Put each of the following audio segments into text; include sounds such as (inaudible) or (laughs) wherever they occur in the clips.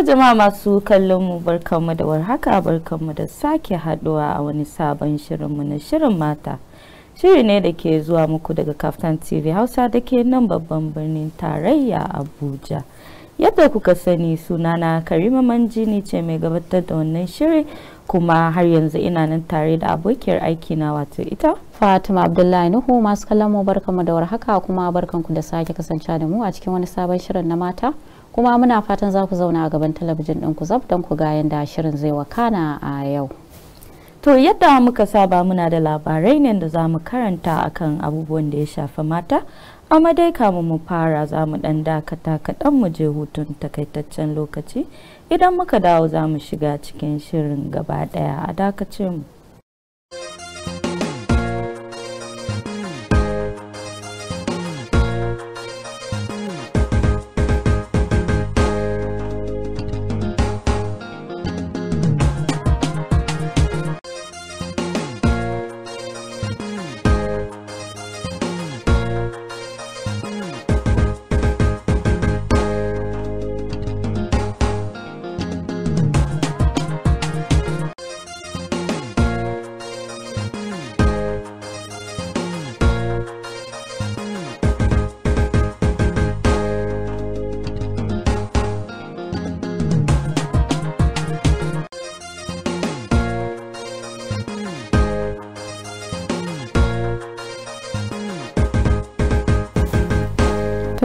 To jama'a masu kallon mu barkanmu da warhaka barkanmu da sake haduwa a wani sabon shirinmu na shirin mata. Shiri ne da ke zuwa muku daga Kaftan TV Hausa da ke nan babban birnin tarayya Abuja. Yadda kuka sani sunana Karima jini ce mai gabatar da wannan shiri kuma har yanzu ina nan tare da abokiyar aiki na wato ita. Fatima Abdullahi Nuhu masu kallon mu barkanmu da warhaka kuma barkanku da sake kasancewa da mu a cikin wani sabon shirin na mata. kuma muna fatan za ku zauna a gaban talabijin ɗin ku zab don ku ga yadda shirin zai wakana a yau to yadda muka saba muna da labarai ne da za mu karanta akan abubuwan da ya shafi mata amma dai kamun mu fara za mu ɗan dakata kaɗan mu je hutun takaitaccen lokaci idan muka dawo za mu shiga cikin shirin gaba ɗaya a dakacin mu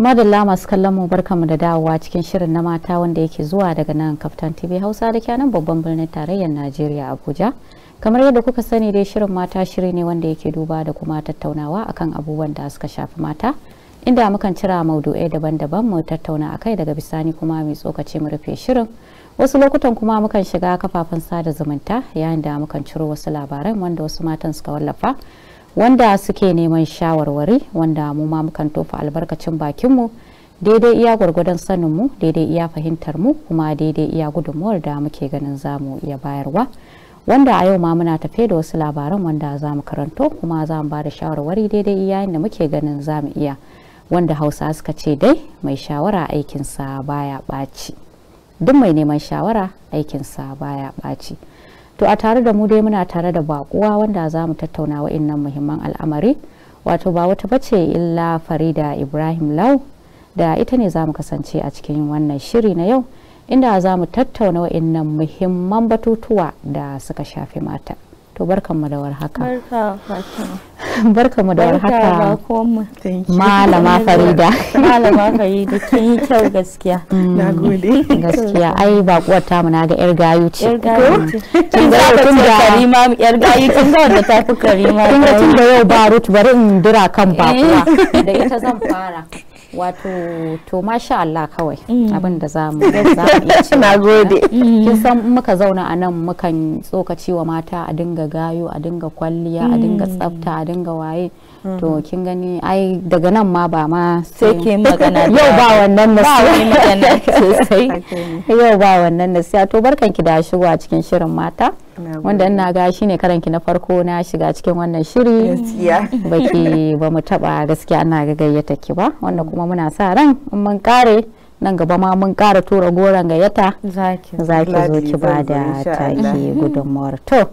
madalla masu kallon mu barkamu da dawowa cikin shirin na mata wanda yake zuwa daga nan kaftan tv hausa da kyanan babban birnin tarayyar najeriya abuja kamar yadda kuka sani dai shirin mata shiri ne wanda yake duba da kuma tattaunawa akan abubuwan da suka shafi mata inda mukan cira maudu'ai daban-daban mu tattauna akai daga bisani kuma mai tsokaci mu rufe shirin wasu lokutan kuma mukan shiga kafafen sada zumunta yayin da mukan ciro wasu labaran wanda wasu matan suka wallafa wanda suke neman shawarwari wanda mu ma mukan tofa albarkacin bakinmu daidai iya gwargwadon saninmu daidai iya fahimtar mu kuma daidai iya gudunmuwar da muke ganin zamu iya bayarwa wanda a yau ma muna tafe da wasu labaran wanda za mu karanto kuma za mu ba da shawarwari daidai iya da muke ganin za mu iya wanda hausa suka ce dai mai shawara aikinsa baya ɓaci duk mai neman shawara aikinsa baya ɓaci. to a tare da mu dai muna tare da bakuwa wanda za mu tattauna waɗannan muhimman al'amari wato ba wata bace illa farida ibrahim lau da ita ne za mu kasance a cikin wannan shiri na yau inda za mu tattauna wa'innan muhimman batutuwa da suka shafi mata. to barkanmu da warhaka barkanmu da warhaka malama (laughs) farida malama farida kin yi kyau gaskiya (laughs) mm, nagode gaskiya ai kuwa ta mu naga yar gayu ce yar gayu mm. ce kin ga tun da karima yar gayu kin ga wanda ta fi karima kin ga tun da yau ba rutu bari in dira kan bakuwa eh, da ita zan fara (laughs) wato to masha Allah kawai mm. abin da za mu (laughs) na gode mm. kin san muka zauna a nan mukan tsokaci wa mata a dinga gayo a dinga kwalliya a dinga mm. tsafta a dinga waye to mm-hmm. kin gani ai daga nan ma ba ma sai ke (laughs) magana (laughs) yau ba wannan na sai yau ba wannan na sai to barkan ki da shigo a cikin shirin mata wanda ina ga shi karan ki na farko na shiga cikin wannan shiri (laughs) baki ba mu taba gaskiya ina ga gayyata ki ba wanda kuma muna sa ran in mun kare nan gaba ma mun kara tura goron gayyata zaki zo ki ba da take gudunmuwar to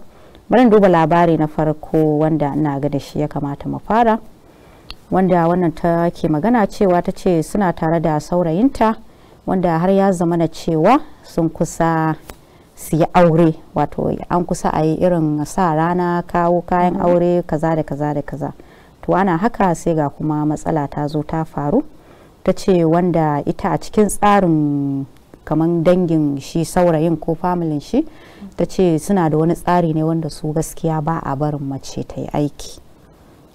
bari duba labari na farko wanda ina ga da shi ya kamata mu fara wanda wannan ta ke magana cewa ta ce suna tare da saurayinta wanda har ya zama na cewa sun kusa su yi aure wato an kusa a yi irin sa rana kawo kayan mm-hmm. aure kaza da kaza da kaza to ana haka sai ga kuma matsala ta zo ta faru ta ce wanda ita a cikin tsarin kamar dangin shi saurayin ko familin shi ta ce suna da wani tsari ne wanda su gaskiya ba a barin mace ta yi aiki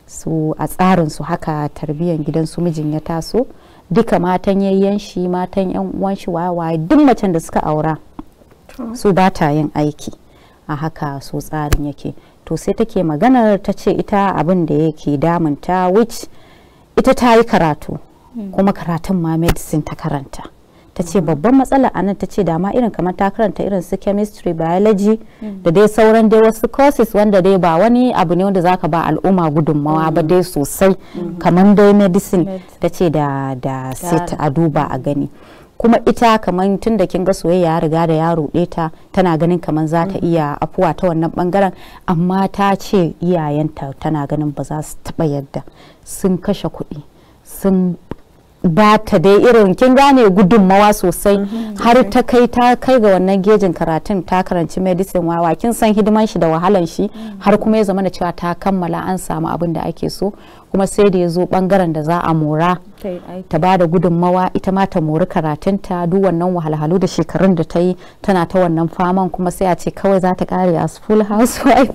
su a tsarin su haka tarbiyyar gidan su mijin ya taso duka matan yayyan shi matan yan uwan shi waye duk macen da suka aura su ba ta yin aiki a haka su tsarin yake to sai take maganar ta ce ita abin da yake damunta which ita ta yi karatu hmm. kuma karatun ma medicine ta karanta ta ce babban matsala a nan ta ce dama irin kamar ta karanta irin su chemistry biology da dai sauran dai wasu courses wanda dai ba wani abu ne wanda zaka ba al'umma gudunmawa ba dai sosai kamar dai medicine ta ce da da sit a duba a gani kuma ita kamar tun da kin ga soyayya ya riga da ya ruɗe ta tana ganin kamar za ta iya afuwa ta wannan bangaren amma ta ce iyayenta tana ganin ba za su taɓa yadda sun kashe kuɗi sun ba ta dai irin kin gane gudunmawa sosai mm-hmm. har ta kai ta kai ga wannan gejin karatun ta karanci medicine wawa kin san hidiman shi da wahalan shi mm-hmm. har kuma ya zama da cewa ta kammala an samu abin da ake so kuma sai da ya zo bangaren da za a mora ta ba da gudunmawa ita ma ta mori karatun ta duk wannan wahalhalu da shekarun da ta yi tana ta wannan faman kuma sai a ce kawai za ta kare as full housewife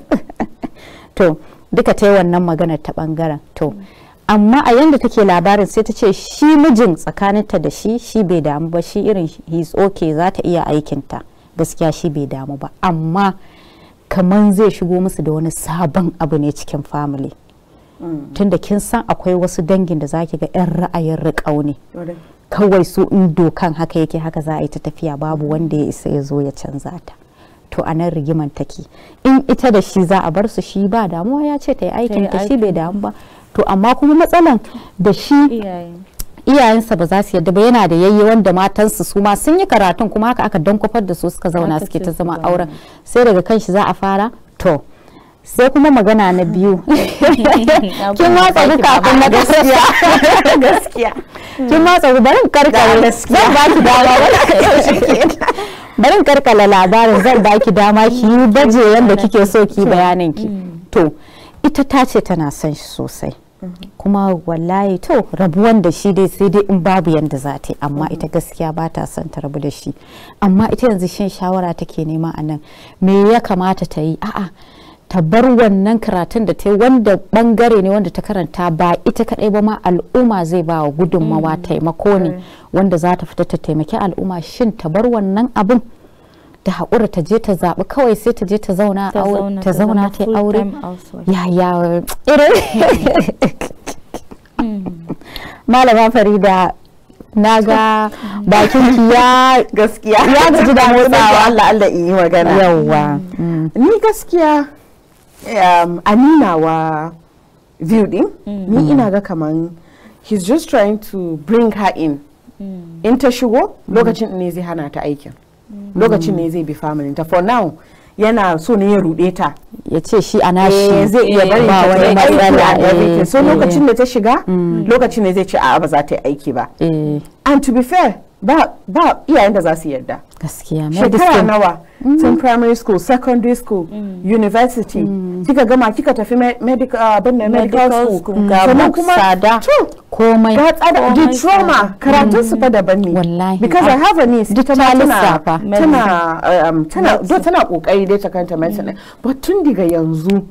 (laughs) to duka ta yi wannan magana ta bangaren to mm. amma a yanda take labarin sai ta ce shi mijin tsakaninta da shi shi bai damu ba shi irin his okay za ta iya aikinta gaskiya shi bai damu ba amma kamar zai shigo musu da wani sabon abu ne cikin family mm. tunda kin san akwai wasu dangin da zaki ga 'yan ra'ayin riƙau ne kawai su in dokan haka yake haka za a yi ta tafiya babu wanda ya isa ya zo ya canza ta to a nan rigiman take in ita da shi za a bar su shi ba damuwa ya ce ta yi aikin ta shi bai damu ba to amma kuma matsalan da shi iyayensa ba za su yadda ba yana da yayye wanda matansu su ma sun yi karatun kuma haka aka don da su suka zauna suke ta zama auren sai daga kanshi za a fara to sai kuma magana na biyu (laughs) kin watsa ku kafin na gaskiya (laughs) gaskiya kin watsa ku barin karkare zan baki ba shi dama barin karkala (laughs) labarin zan baki dama ki yi baje yanda kike so ki bayanin ki mm. to ita ta ce tana son shi sosai kuma wallahi to rabuwan da shi dai sai dai in babu yanda za ta yi amma mm-hmm. ita gaskiya ba ta son ta rabu da shi amma ita yanzu shan shawara take nema a nan me ya kamata ta yi a'a ta bar wannan karatun da ta yi wanda bangare ne wanda ta karanta ba ita kadai ba ma al'umma zai ba wa gudunmawa mm-hmm. taimako ne wanda za ta fita ta taimaki al'umma shin ta bar wannan abin ta haƙura ta je ta zaɓi kawai sai ta je ta zauna ta zauna ta aure ya ya ire malama farida na ga (laughs) bakin ya gaskiya ya gaji da motsawa (laughs) Allah Allah in yi magana yawwa mm. mm. ni gaskiya um, amina wa view din mm. ni ina ga kaman he's just trying to bring her in in ta shigo lokacin ne zai hana ta aikin Mm. lokacin ne zai bi familin ta for now yana so ne ya rude ta ya ce shi a nashi eh, zai iya eh, bari ta wani matsala so eh, lokacin da ta shiga mm. lokacin ne zai ce a'a ba za ta yi aiki ba and to be fair ba iyayen da za su yarda gaskiya shekara nawa tun mm. primary school secondary school mm. university mm. kika gama kika tafi uh, medical abin da medical school ga kuma tsada komai ga tsada di trauma karatun su fa daban ne wallahi because i have a niece duk ta lissafa tana um, tana do tana kokari dai ta kanta maintenance but tun daga yanzu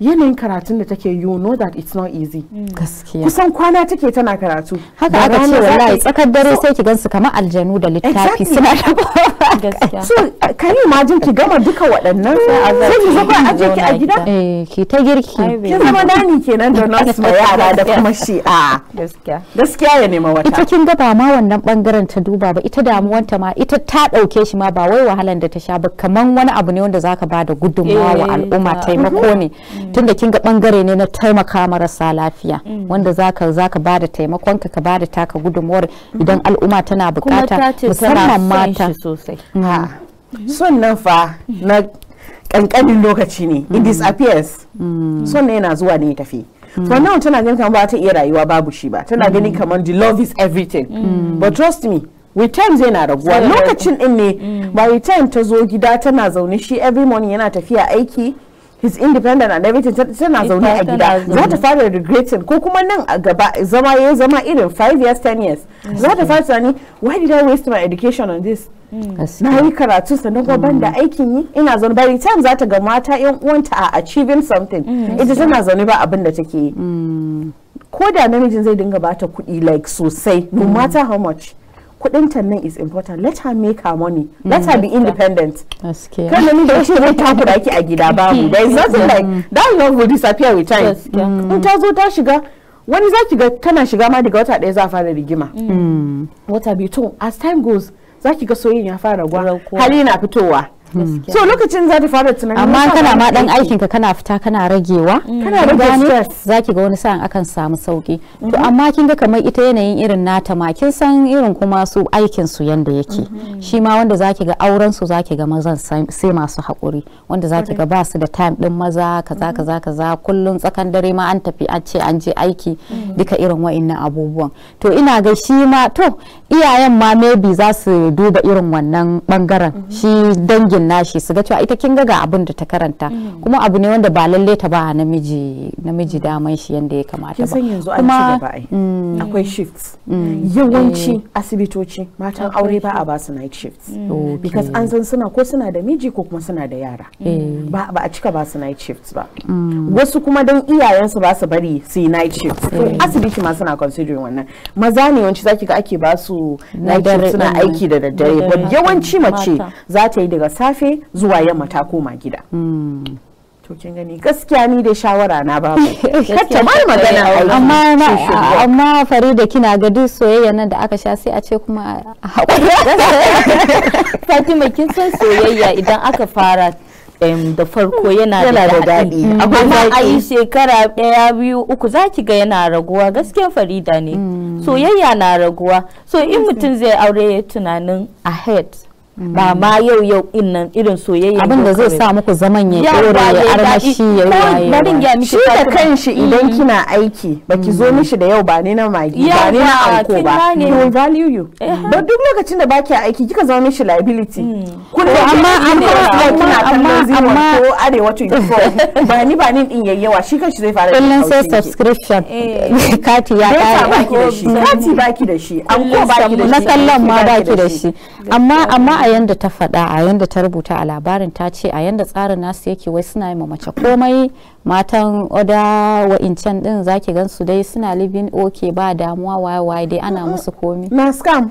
yanayin karatun da take you know that it's not easy mm. gaskiya kusan kwana take tana karatu haka aka ce wallahi tsakar dare sai ki gansu kamar aljanu da littafi suna da gaskiya so can you imagine ki gama duka waɗannan mm. sai ki zuba ba aje ki a gida eh ki ta girki ki zama dani kenan da nasu ma yara da kuma shi a ah. gaskiya gaskiya ya nema wata ita kin ga ma wannan bangaren ta duba ba ita damuwanta ma ita ta dauke shi ma ba wai wahalan da ta sha ba kaman wani abu ne wanda zaka ba da gudunmawa wa eh, al'umma taimako ne mm. tunda kin ga bangare ne na taimaka marasa lafiya mm. wanda zaka zaka bada taimakon ka ka bada taka gudunmuwar idan mm-hmm. al'umma tana bukata musamman mata sosai mm. mm-hmm. sannan fa mm-hmm. na kankanin lokaci ne it mm. disappears sannan yana zuwa ne ya tafi so now tana ganin kamar ba ta iya rayuwa babu shi ba tana ganin kamar the love is everything but trust me with time zai na raguwa lokacin din ne by time ta zo gida tana zaune shi every morning yana tafiya aiki his independent and everything tana zaune a gida za ta fara regretting ko kuma nan a gaba zama ya zama irin 5 years 10 years za ta fara tunani why did i waste my education on this mm. na yi karatu sannan kuma banda da mm. aikin yi ina zaune by the time za ta ga mata yan uwanta a achieving something mm. ita tana zaune ba abin da take yi ko da namijin zai dinga bata kuɗi like sosai no matter how much kudin ta nan is important let her make her money let her be mm. independent kan nan da shi zai da ake a gida babu there is nothing mm. like that love will disappear with time in ta zo ta shiga wani za ki ga tana shiga ma daga wata ɗaya za a fara rigima mm. wata biyu to as time goes za ki ga soyayya ya fara gwa hali na fitowa so lokacin za ta fara tunanin amma kana ma dan aikin ka kana fita kana ragewa kana rage stress zaki ga wani sa'an akan samu sauki to mhm. amma kin ga kamar ita yanayin irin nata ma kin san irin kuma su aikin su yanda yake mhm. shi ma wanda zaki ga auren su zaki ga mazan sai masu hakuri wanda zaki ga ba su da time din maza kaza mhm. kaza kaza kullun tsakan dare ma an tafi an ce an je aiki duka irin wa'annan abubuwan to ina ga shi ma to iyayen ma maybe za su duba irin wannan bangaren shi dangin mijin nashi su ga cewa ita kin ga abin da ta karanta mm. kuma abu ne wanda ba lalle ta ba namiji namiji daman shi yanda ya kamata ba yanzu mm. akwai shifts mm. yawanci eh. asibitoci matan aure ba a ba su night shifts because an san suna ko suna da miji ko kuma suna da yara eh. ba a cika ba su night shifts ba wasu kuma don iyayensu ba su bari su yi night shifts eh. asibiti ma suna considering wannan maza ne wanci zaki ga ake ba su night shifts suna aiki da daddare yawanci mace za ta yi daga safe zuwa yamma ta koma gida to kin gani gaskiya ni da shawara na babu (laughs) kacce ma magana amma amma Farida kina ga duk soyayya nan da aka sha sai a ce kuma a haƙuri (laughs) Fatima kin san soyayya idan aka fara da farko yana da daɗi mm. amma a yi shekara ɗaya biyu uku za ki ga yana raguwa gaskiya farida ne mm. soyayya na raguwa so in mutum zai aure ya tunanin ahead ba ma yau yau inan irin soyayya abin da zai sa muku zaman ya dora ya armashi ya yi barin shi da kanshi idan mm. kina aiki baki zo mm. mishi da yau ba ne na magi ba ne na anko ba he value you eh. ba duk lokacin da baki aiki kika zama mishi liability mm. kullu amma amma kina kallon zero ko arewa amma. (laughs) ba ni ba ni din yayyawa shi kanshi zai fara kullun sai subscription eh. (laughs) kati ya kare kati baki da shi anko baki da shi na kallon ma baki da shi amma amma yanda ta faɗa a yanda ta rubuta a labarin ta ce a yanda tsarin nasu yake wai suna yi mace komai matan oda incan din zaki gansu dai suna living ok ba damuwa waye waye dai ana musu komai scam.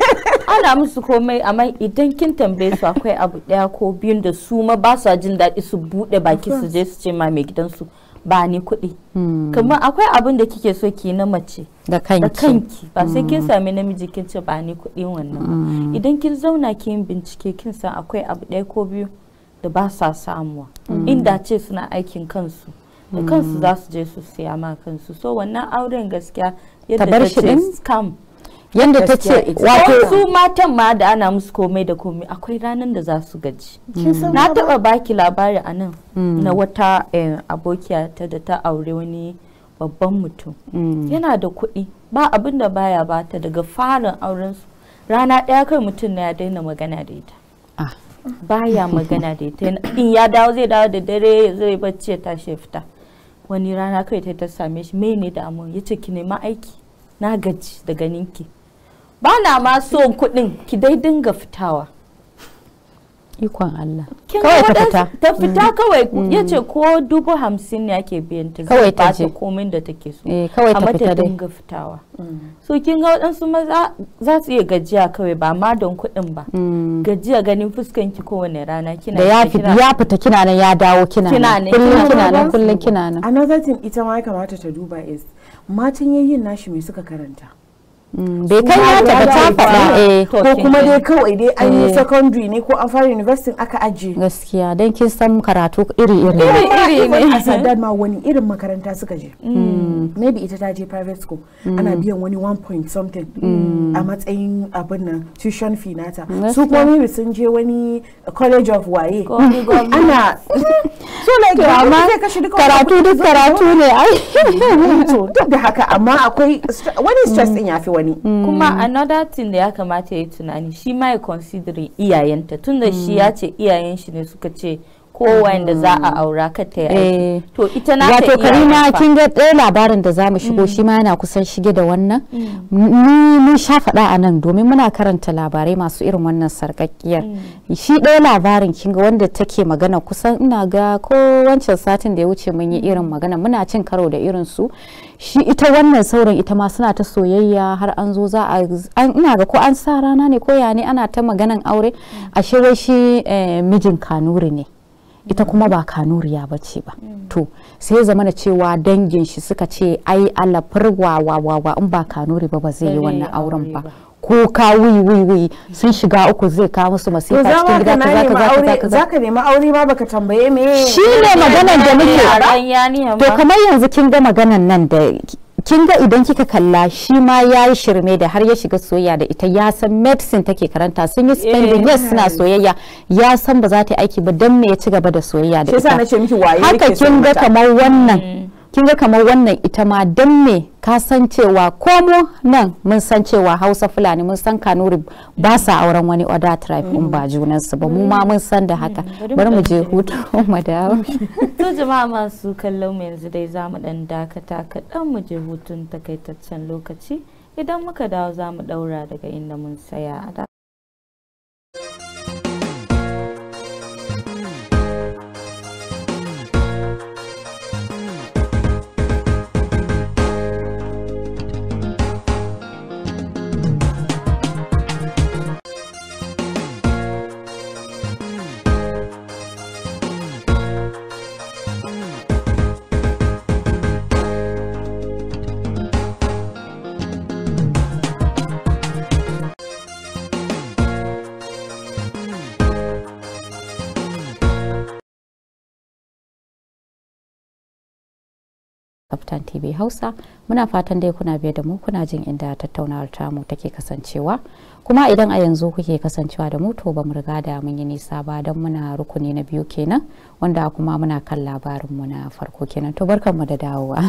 (laughs) ana musu komai amma idan kin tambaye su akwai abu daya ko biyun da su ma ba sa jin daɗi su buɗe baki su je su ce ma mai gidansu ba ni kuɗi hmm. kamar akwai abin da kike so ki na mace da kanki ba sai kin hmm. sami namiji kin ce ba ni kuɗi wannan idan kin zauna kin bincike kin san akwai abu ɗaya ko biyu da ba sa samuwa hmm. inda ce suna aikin kansu da kansu za su je su siya ma kansu so wannan auren gaskiya yadda ta ce scam yanda ta ce wato su matan ma da ana musu komai da komai akwai ranar da za su gaji na taba baki labari a nan mm. na wata eh, abokiya ta da ta aure wani babban mutum mm. yana da kuɗi ba abin da baya bata daga farin auren su rana ɗaya kai mutum na ya daina magana da ita ah. baya magana da ita in ya dawo zai dawo da dare zai bacci ya tashi fita wani rana kai ta same shi mene da amin ya ce ki nema aiki na gaji da ganinki ba na ma son kuɗin ki dai dinga fitawa ikon Allah kawai ta fita ta fita mm. kawai mm. ya ce ko dubu hamsin ne ake biyan ta kawai ta ce komin da take so eh, kawai ta fita dai dinga fitawa mm. so kin ga waɗansu maza za su iya gajiya kawai ba ma don kuɗin ba gajiya ganin fuskan ki kowane rana kina da ya fita ya fita kina nan ya dawo kina nan kullun kina nan kullun kina nan another thing ita ma ya kamata ta duba is matan yayin nashi me suka karanta Mm, bekan ya ta ta faɗa eh ko kuma dai kawai dai an yi eh. secondary ne ko an fara university aka aje gaskiya dan kin san karatu iri iri iri iri ne a sadar ma wani irin makaranta suka je mm. Mm. maybe ita ta je private school ana biyan wani 1 point something a matsayin abin nan tuition fee nata su kuma maybe sun je wani college of waye ana (laughs) so like amma karatu duk karatu ne ai (laughs) to duk da haka amma akwai wani stress din ya fi wani mm. kuma another thing da ya kamata ya yi tunani shi ma ya consider iyayenta tunda shi mm. ya ce iyayen shi ne suka ce kowa da za a mm. aura ka ta yi eh. to ita na ta wato karina kin ga ɗaya labarin da zamu shigo shi ma yana kusan shige da wannan ni mun sha faɗa a nan domin muna karanta labarai masu irin wannan sarƙaƙƙiyar shi ɗaya labarin kin ga wanda take magana kusan ina ga ko wancan satin da ya wuce mun yi irin magana muna cin karo da irin su shi ita wannan sauran ita ma suna ta soyayya har an zo za a ina ga ko an sa rana ne ko ya ne ana ta maganan aure a shirye shi eh, mijin kanuri ne ita kuma ba kanuriya ba ce ba to sai zama na cewa dangin shi suka ce ai alafar wa wa in ba kanuri ba ba zai yi wannan auren ba kuka wiwiwi sun shiga uku zai kawo musu masifa cikin gida ka zaka zaka zaka zaka nema aure ma baka tambaye me shi ne maganan da muke to kamar yanzu kin ga maganan nan da kin ga idan kika kalla shi ma ya yi shirme da har ya shiga soyayya da ita ya san medicine take karanta sun yi spending eh. yes suna soyayya ya san ba za ta yi aiki ba dan me ya ci gaba da soyayya da ita haka kin ga kamar wannan mm. kin ga kamar wannan ita ma dan me ka san cewa komo nan mun san cewa hausa fulani mun san kanuri ba sa auren wani oda tribe in ba junansu ba mu ma mun san da haka mm, bari mu je hutu (laughs) mu dawo to jama'a masu kallon mu yanzu dai za mu dan dakata kaɗan mu je hutun takaitaccen lokaci idan muka dawo za mu daura daga inda mun saya Captain TV Hausa muna fatan dai kuna biye da mu kuna jin inda tattaunawar tamu take kasancewa kuma idan a yanzu kuke kasancewa da mu ba mu riga da mun yi nisa ba don muna rukuni na biyu kenan wanda kuma muna kan labarin mu na farko kenan to mu da dawowa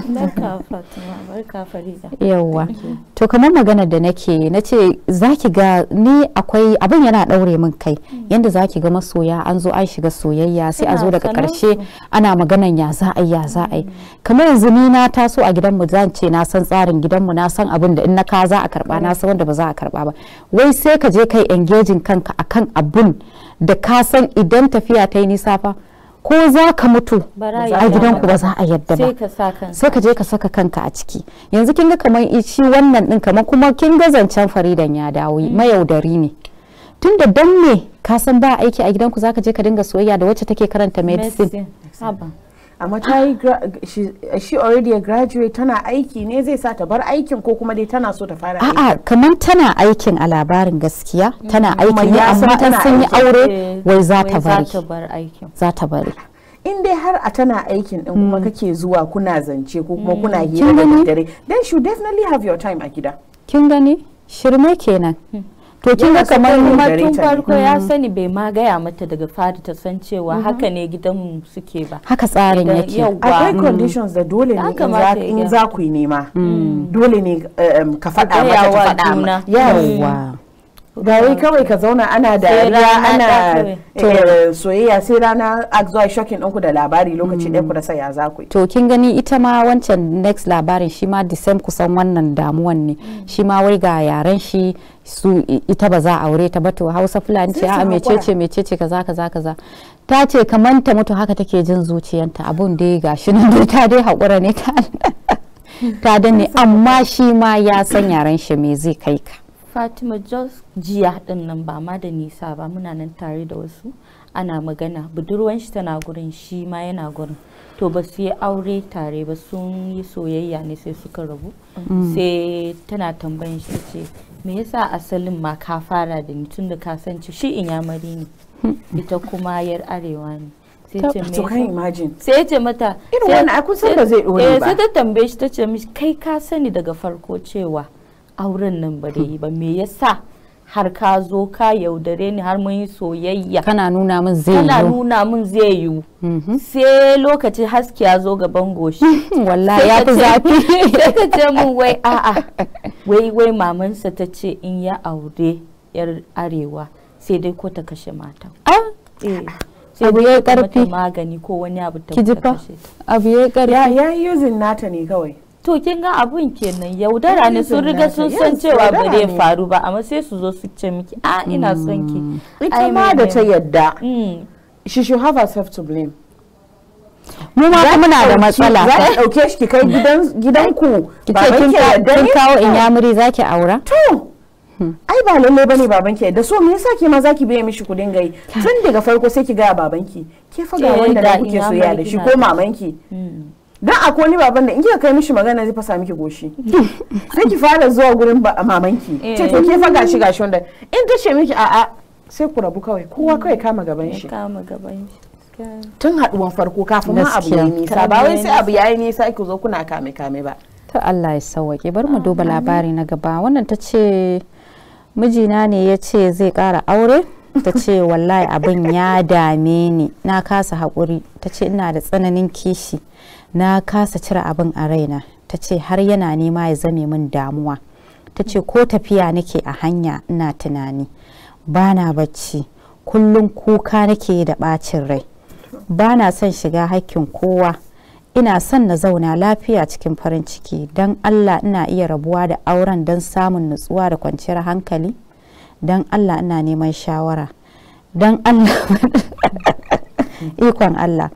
yawwa to kamar magana da nake nace ce zaki ga ni akwai abin yana daure min kai hmm. yanda zaki ga masoya an zo an shiga soyayya sai a zo daga karshe ana maganan ya za a ya za a hmm. kamar yanzu ni na taso a gidanmu zan ce na san tsarin gidanmu na san abin da in na ka za a karba na san wanda ba za a karba ba wai kai sai ka je kai engaging kanka akan abun da ka san idan tafiya ta yi nisa fa ko za ka mutu a gidanku ba za a yadda ba sai ka je ka saka kanka a ciki yanzu kin ga kamar shi wannan din kamar kuma kin ga zancen faridan ya dawo mm. mayaudari ne tun da dan me ka san ba aiki a gidanku za ka je ka dinga soyayya da wacce take karanta medicine amma ta yi shi already a graduate tana aiki ne zai sa ta bar aikin ko kuma dai tana so ta fara aiki a'a kamar tana aikin a labarin gaskiya tana mm, aiki ne amma ta sun yi aure eh, wai za ta bari za ta bari in dai har a tana aikin din kuma mm. kake zuwa kuna zance ko kuma mm. kuna hira da dare then you definitely have your time a gida kin gani shirme kenan hmm. to kin ga kamar kuma tun farko ya mm. sani bai ma gaya mata daga fari ta san cewa mm-hmm. haka ne gidanmu suke ba haka tsarin eh, yake akwai mm. conditions da dole ne in za ku yi nema mm. dole ne eh, ka faɗa mata ta faɗa yawa ba kawai ka zauna ana dariya ana eh. soyayya sai rana a zuwa shokin ɗinku da labari lokaci ɗaya ku mm. za ku to kin gani ita ma wancan next labarin shi ma the kusan wannan damuwan ne mm. shi ma wai ga yaren shi su ita ba za a aure ta ba to hausa fulani ce a mecece mecece kaza kaza kaza ta ce kamar ta mutu haka take jin zuciyanta abun dai shi nan dai ta dai haƙura ne ta (laughs) ta danne amma shi ma ya san yaren shi me zai kai ka fatima jos jiya din nan ba ma da nisa ba muna nan tare da wasu ana magana budurwan shi tana gurin shi ma yana gurin to ba su yi aure tare ba sun yi soyayya ne sai suka rabu mm. sai tana tambayin shi ce me yasa asalin ma ka fara da ni tun da ka san shi inyamari ne hmm. ita kuma yar arewa ne sai ya ce mata irin wani akwai san zai dore eh, ba sai ta tambaye shi ta ce mishi kai ka sani daga farko cewa auren nan ba da yi ba me yasa har ka zo ka yaudare ni har mun yi soyayya kana nuna min zai yiwu kana nuna min zai yiwu mm-hmm. sai lokacin haske ya zo gaban goshi (laughs) wallahi ya fi zafi (laughs) sai ta ce mun (laughs) wai a'a wai wai mamansa ta ce in ya aure yar arewa sai dai ko ta kashe ah, eh, mata abu ya karfi magani ko wani abu ta kashe abu ya karfi ya yi yuzin nata ne kawai to kin ga abun kenan yaudara ne sun riga sun san cewa ba zai faru ba amma sai su zo su ce miki a ina hmm. son ki ita ma da ta yadda hmm. she should have herself to blame mu ma muna da matsala za ka dauke shi ki kai gidan gidanku ba kin kin kawo inyamuri zaki aura to ai ba lalle bane babanki da so me yasa ke ma zaki biya mishi kudin gai tun daga farko sai ki ga babanki ke fa ga eh, wanda kuke soyayya da shi ko mamanki hmm. dan akwai wani baban da in kika kai mishi magana zai fasa miki goshi (laughs) sai ki fara zuwa gurin mamanki eh. ce to ke fa gashi gashi wanda in ta ce miki a'a sai ku rabu kawai kowa kawai kama gaban shi kama gaban shi tun haduwan farko kafin ma abu ya nisa ba wai sai abu yayi nisa ki zo kuna kame kame ba to Allah ya sauwake bari mu duba labari na gaba wannan ta ce mijina ne ya ce zai kara aure ta ce wallahi abin ya dame ni na kasa haƙuri ta ce ina da tsananin kishi na kasa cire abin a raina ta ce har yana nema ya zame min damuwa ta ce ko tafiya nake a hanya ina tunani bana bacci kullum kuka nake da bacin rai bana son shiga haƙƙin kowa ina son na zauna lafiya cikin farin ciki don allah ina iya rabuwa da auren don samun nutsuwa da kwanciyar hankali don allah ina neman shawara don allah (laughs) ikon allah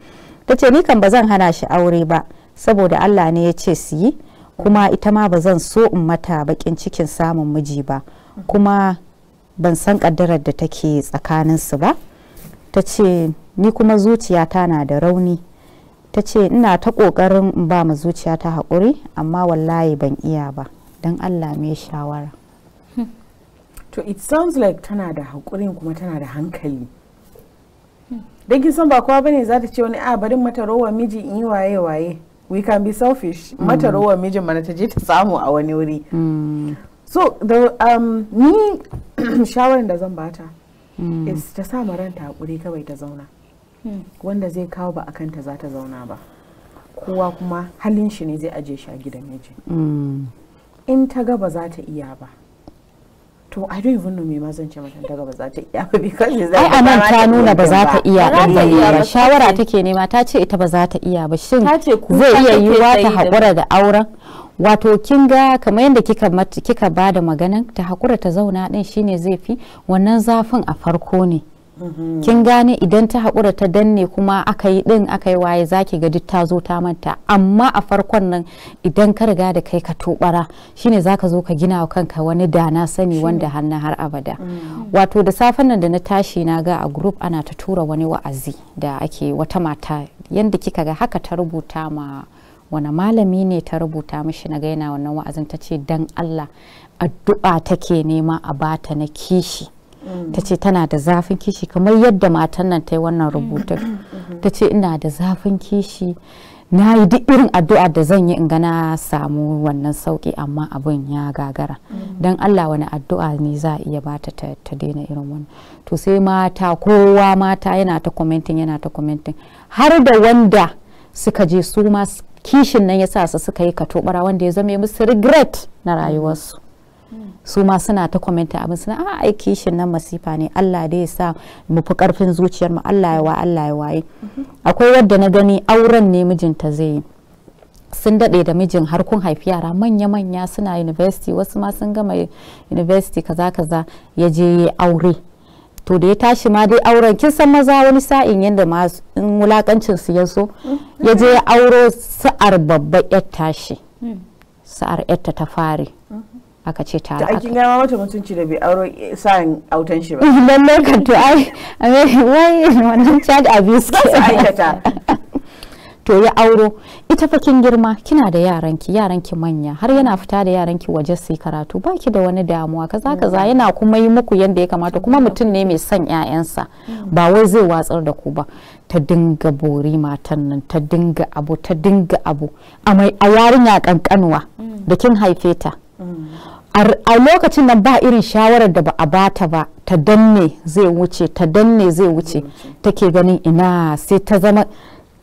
ta ce ni kan ba zan hana shi aure ba saboda allah ne ya ce su yi kuma ita ma ba zan so in mata bakin cikin samun miji ba kuma ban san kaddarar da take tsakaninsu ba ta ce ni kuma zuciyata na da rauni ta ce ina ta kokarin in ba zuciya ta haƙuri amma wallahi ban iya ba don allah mai shawara to it sounds like tana da haƙurin kuma tana da hankali dan kin san ba kowa bane za ta ce wani a ah, barin mata rowa miji in yi waye waye we can be selfish mm. mata rowa mijin mana ta je ta samu a wani wuri mm. so the um, ni (clears throat) shawarar da zan bata mm. is ta sa ranta hakuri kawai ta zauna hmm. wanda zai kawo ba akan ta za ta zauna ba kowa kuma halin shi ne zai aje shi a gidan miji in ta ga ba za ta iya ba to i don't even know me ma zan ce mata za ta iya ba because ai anan ta nuna ba za ta iya ba shawara take nema ta ce ita ba za ta iya ba shin zai iya yiwa ta hakura da auren wato kin ga kamar yadda kika kika bada maganan ta hakura ta zauna din shine zai fi wannan zafin a farko ne kin gane idan ta haƙura ta danne kuma aka yi ɗin aka yi waye zaki ga duk ta zo ta manta amma a farkon nan idan ka riga da kai ka tobara shine ka zo ka gina wa kanka wani da na sani wanda hannu har abada mm. wato da safen nan da na tashi na ga a group ana ta tura wani wa'azi da ake wata mata yanda kika ga haka ta rubuta ma wani malami ne ta rubuta mishi na gaina wannan wa'azin ta ce dan Allah addu'a take nema a bata na kishi ta ce tana da zafin kishi kamar yadda matan nan ta yi wannan rubutun ta ce ina da zafin kishi na yi duk irin addu'a da zan yi in ga samu wannan sauki amma abin ya gagara don allah wani addu'a ne za a iya bata ta daina irin wannan to sai mata kowa mata yana ta commenting yana ta commenting har da wanda suka je su ma kishin nan ya sa su suka yi ka katobara wanda ya zama musu regret na rayuwarsu su ma suna ta kwamenta abin suna a aiki shi nan masifa ne Allah da ya sa mu fi karfin zuciyar mu Allah ya wa Allah ya waye akwai wadda na gani auren ne mijinta zai yi sun daɗe da mijin har kun haifi yara manya-manya suna university wasu ma sun gama university kaza-kaza ya je aure to da ya tashi ma dai auren kin san maza wani sa'in yadda ma in wulakancin su ya so ya je ya auro sa'ar babba yar tashi mm. sa'ar yarta ta fari aka ce tare aka aikin gama mata mutunci da bi auro sa'an autan shi ba (laughs) lallai kan to ai wai wannan child abuse ke aikata (laughs) to ya auro ita fa kin girma kina da yaranki yaranki manya har yana fita da yaranki waje su karatu baki da wani damuwa kaza kaza mm. yana kuma yi muku yanda ya kamata kuma mutum ne mai son ƴaƴansa mm. ba wai zai watsar da ku ba ta dinga bori matan nan ta dinga abu ta dinga abu a yarinya kankanuwa mm. da kin haife ta a lokacin nan ba irin shawarar da ba a bata ba ta danne zai wuce ta danne zai wuce take ganin ina sai ta zama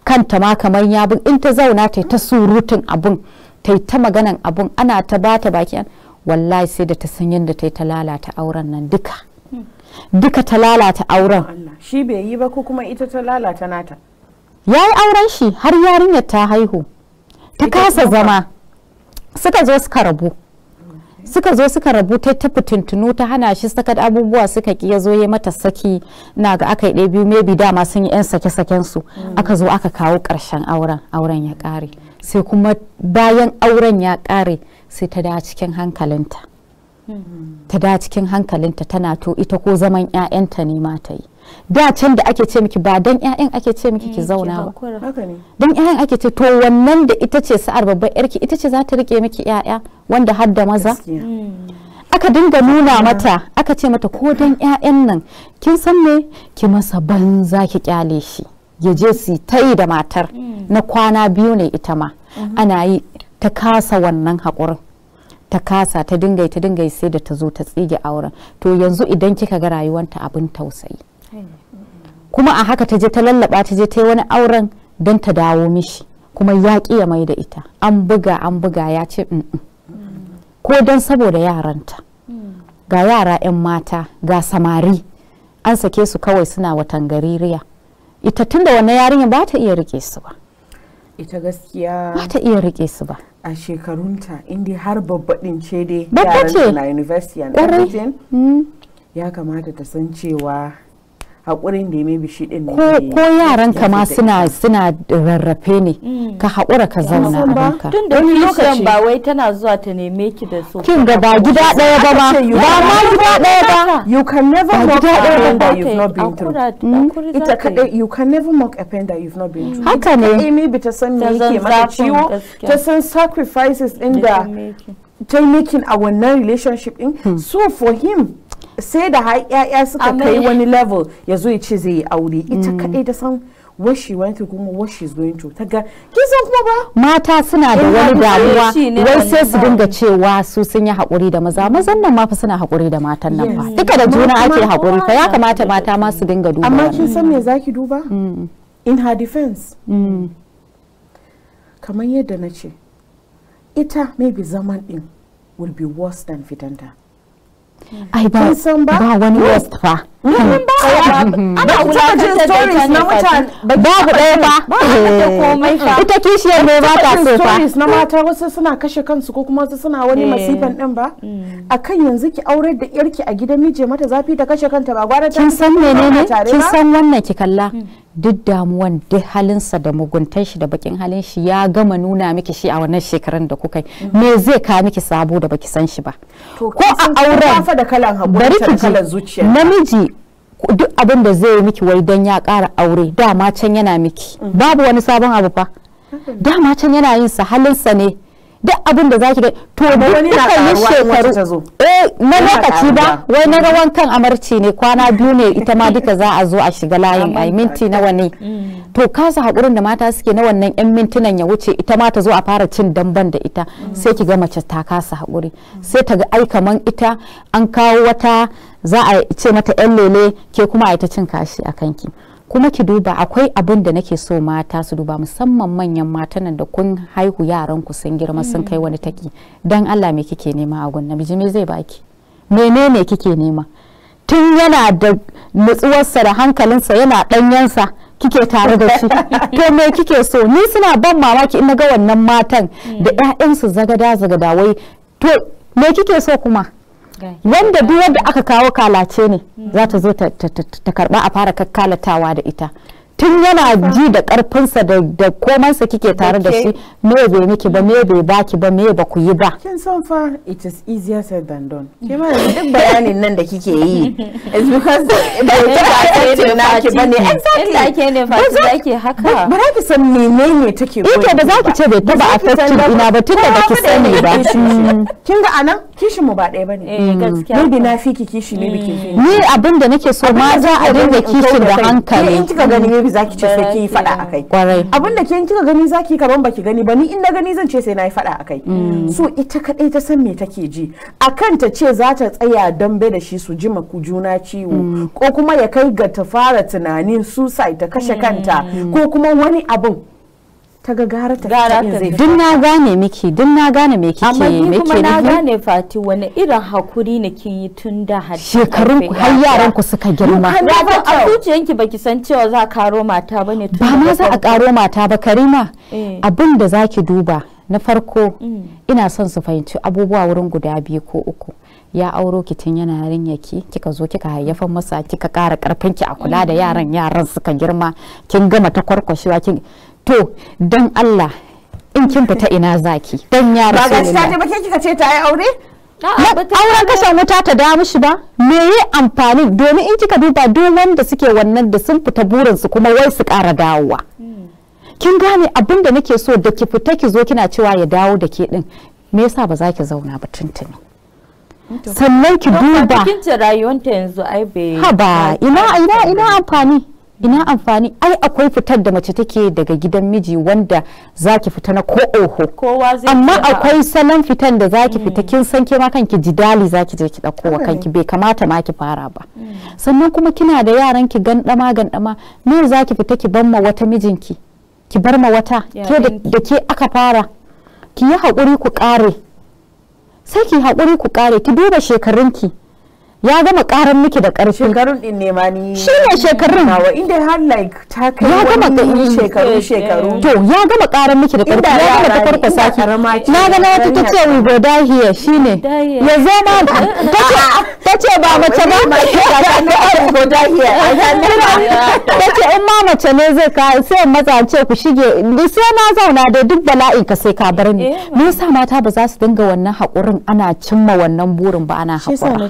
kanta ma kamar ya bin in ta zauna ta yi ta surutun abun ta yi ta maganan abun ana ta bata baki wallahi sai da ta san yadda ta yi ta lalata auren nan duka duka ta lalata auren shi bai yi ba ko kuma ita ta lalata nata ya yi auren shi har yarinyar ta haihu ta kasa zama suka zo suka rabu suka zo suka rabu ta ta ta hana shi sakat abubuwa suka ki ya zo mata saki na ga aka yi ɗaya biyu maybe dama sun yi yan sake saken su aka zo aka kawo ƙarshen auren auren ya ƙare sai kuma bayan auren ya ƙare sai ta da cikin hankalinta mm-hmm. ta da cikin hankalinta tana to ita ko zaman 'ya'yanta ne ma ta yi da can da ake ce miki ba dan ƴaƴan ake ce miki ki eh, zauna ba dan ƴaƴan ake ce to wannan da ita ce sa'ar babbar yarki ita ce za ta rike miki ƴaƴa wanda har da maza mm. aka dinga nuna mata aka ce mata ko dan ƴaƴan nan kin san me ki masa banza ki kyale shi ya je su ta yi da matar mm. na kwana biyu ne ita ma mm-hmm. ana yi ta kasa wannan haƙurin ta kasa ta dingai ta dingai sai da ta zo ta tsige auren to yanzu idan kika ga rayuwanta abin tausayi kuma a haka ta je ta lallaba ta je ta yi wani auren don ta dawo mishi kuma ya ki ya mai da ita an buga an buga ya ce mm, mm. ko don saboda yaranta ga yara 'yan mata ga samari an sake su kawai suna watan gaririya ita tunda wannan yarinya ba ta iya rike su ba ita gaskiya ba ta iya rike su ba a shekarunta inda har babbaɗin ce dai yaranta na university and everything mm. ya kamata ta san cewa haƙurin da ya maybe shi ɗin ko ko yaran ka ma suna suna rarrafe ne mm. ka haƙura ka zauna a ranka tun da wani lokacin ba wai tana zuwa ta neme ki da so kin ga ba gida ɗaya ba ma ba ma gida ɗaya ba you can never mock a pain that you've not been through hmm? ita kadai you can never mock a pain that you've not been through haka ne eh maybe ta san me yake mata ciwo ta san sacrifices ɗin da ta yi making a wannan relationship ɗin hmm. so for him sai da har yaya suka kai wani level ya zo ya ce zai yi aure ita mm. kaɗai da san what she went kuma what she's going through ta ga kin san kuma ba mata suna da wani damuwa wai sai su dinga cewa su sun yi hakuri da maza mazan nan ma fa suna hakuri da matan nan fa duka da juna ake hakuri fa ya kamata mata ma su dinga duba amma kin san me zaki duba mm. in her defense mm. kamar yadda na ce ita maybe zaman din will be worse than fitanta ai ba ba wani west fa ana hmm. stories na ita ne babu ɗaya ba ita kishiyar ne ba ta so na mata wasu suna kashe kansu ko kuma wasu suna wani eh. masifan din ba hmm. akan yanzu ki aurar da yarki a gidan mije mata zafi ta kashe kanta ba gwara ta kin san menene kin san wannan ki kalla hmm. duk damuwan duk halinsa da muguntan shi da bakin halin shi ya gama nuna miki shi a wannan shekarun da kuka yi mm. me zai ka miki sabo da baki san shi ba ko a auren bari ki ji namiji duk abin da zai miki wai don ya kara aure dama can yana miki mm. babu wani sabon abu fa dama can yana yin sa halinsa ne duk abin da zaki ga to duk yi shekaru eh na lokaci ba wai na rawan kan amarci ne kwana biyu ne ita ma duka za a zo a shiga layin ai minti nawa ne mm. to kasa hakurin da mata suke na wannan yan mintunan ya wuce ita ma ta zo a fara cin damban da ita mm. sai ki ga mace ta kasa hakuri sai ta ga ai kaman ita an kawo wata za a ce mata yan lele ke kuma a ita cin kashi a kanki. kuma ki duba akwai abin da nake so mata su duba musamman manyan matan da kun haihu yaran ku sun girma sun kai mm. wani taki dan Allah me kike nema a gun namiji me zai baki menene kike nema tun yana da nutsuwarsa da hankalinsa yana ɗanyensa kike tare da shi (laughs) to me kike so ni suna ban mamaki in ga wannan matan da 'ya'yansu mm. zagada zagada wai to me kike so kuma wanda duk wanda aka kawo kalace ne za ta zo ta karba a fara kakkalatawa da ita tun yana ji da karfinsa da komansa kike tare da shi me bai miki ba me bai baki ba me ba ku yi ba kin san fa it is easier said than done (laughs) kima duk bayanin nan da kike yi is because da (laughs) ke (laughs) ba ce na ki bane exactly da ke ne fa da ke haka ba za ki san menene take ko eh, ke ba za ki ce bai taba affecting ina ba tunda da ki sani ba hmm. kin ga anan kishin mu ba ɗaya bane eh hmm. gaskiya maybe na fi ki kishi ne biki ni abinda nake so ma za a dinga kishin da hankali gani zaki ce sai ki faɗa akai kwarai abin da kin kika gani zaki kaman baki gani ba ni in na gani zan ce sai na yi faɗa akai mm. so ita kadai ta san me take ji akan ta ce za ta tsaya dambe da shi su ji ku juna ciwo mm. ko kuma ya kai ga ta fara tunanin suicide ta kashe mm. kanta ko kuma wani abin ta ga gara ta gara fi duk na gane miki duk na gane me kike amma ni kuma na gane fati wani irin hakuri ne kin yi tun da har shekarun ku har yaran ku suka girma ya ba a yanki baki san cewa za a karo mata bane tun ba ma za a karo mata ba karima eh. abin da zaki duba na farko mm. ina son su fahimci abubuwa wurin guda biyu ko uku ya auro ki tun yana yaki kika zo kika hayyafa masa kika kara karfin ki a kula da mm. yaran yaran suka girma kin gama ta kwarkwashewa kin to don Allah in kin fita ina zaki dan ya ba ga ta ba ke kika ce ta yi aure auren kashe wuta ta da shi ba me yi amfani domin in kika duba duk wanda suke wannan da sun fita burinsu kuma wai su ƙara dawowa hmm. kin gane abin da nake so da ki fita ki zo kina cewa ya dawo da ke din me yasa ba za ki zauna ba tuntuni sannan ki duba rayuwanta yanzu ai ba ina ina ina amfani ina amfani ai akwai fitar da mace take daga gidan miji wanda zaki fita na ko oho amma akwai salon fitan da zaki hmm. fita kin san ke ma kanki jidali zaki je ki dauko kanki bai kamata ma ki fara ba hmm. sannan kuma kina da yaran ki gandama dama me zaki fita ki bar ma wata mijinki ki bar ma wata ke da ke aka fara ki yi haƙuri ku ƙare sai ki haƙuri ku kare ki duba shekarunki ya gama karan miki da karfi shekarun din ne ma ni shi ne shekarun nawa inda har like ta kai ya gama shekaru shekaru to ya gama karan miki da karfi ya gama ta farfasa saki na ga na ta ce we go die here ne ya zo ma ta ce ba mace ba oh, go die here ta ce in ma mace ne zai ka sai maza ce ku shige sai na zauna da duk bala'i ka sai ka bar ni eh, me yasa mata ba za su dinga wannan hakurin ana cimma wannan burin ba ana hakura